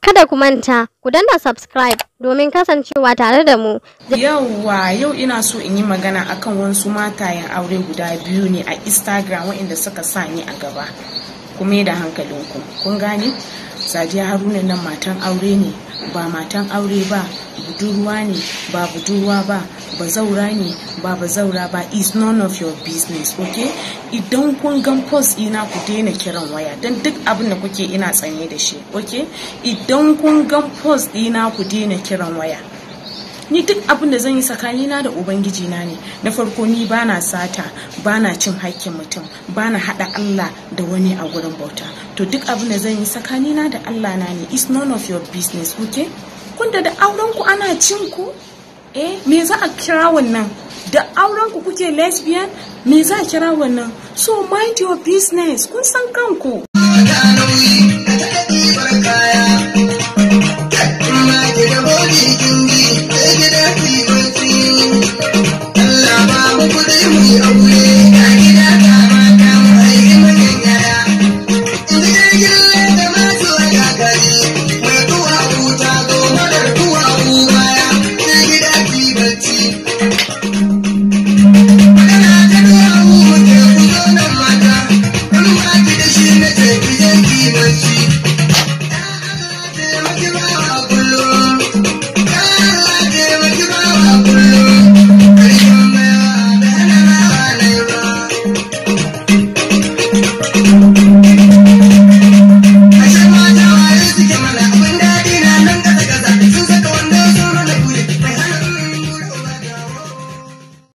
Kada ku manta, ku danna subscribe domin kasancewa tare da mu. Yawwa yau ina so in yi magana akan wasu matayen aure guda biyu ne a Instagram waɗanda suka sa ni a gaba. Kuma da hankalinku, kun gane? Sadiya Haruna nan matan aure ne ba matan aure ba budurwa ne ba budurwa ba ba zaura ne ba ba zaura ba is none of your business okay idan kun gan post ina ku daina kiran waya don duk abin da kuke ina tsanye da shi ok idan kun gan post ina ku daina kiran waya ni duk abin da zan yi tsakanina da ubangiji na ne na farko ni bana sata bana cin hakkin mutum bana haɗa Allah da wani a gurin bauta to duk abin da zan yi tsakanina da Allah na ne is none of your business okay kun da da auren ku ana cin ku eh me za a kira wannan da auren ku kuke lesbian me za a kira wannan so mind your business kun san kanku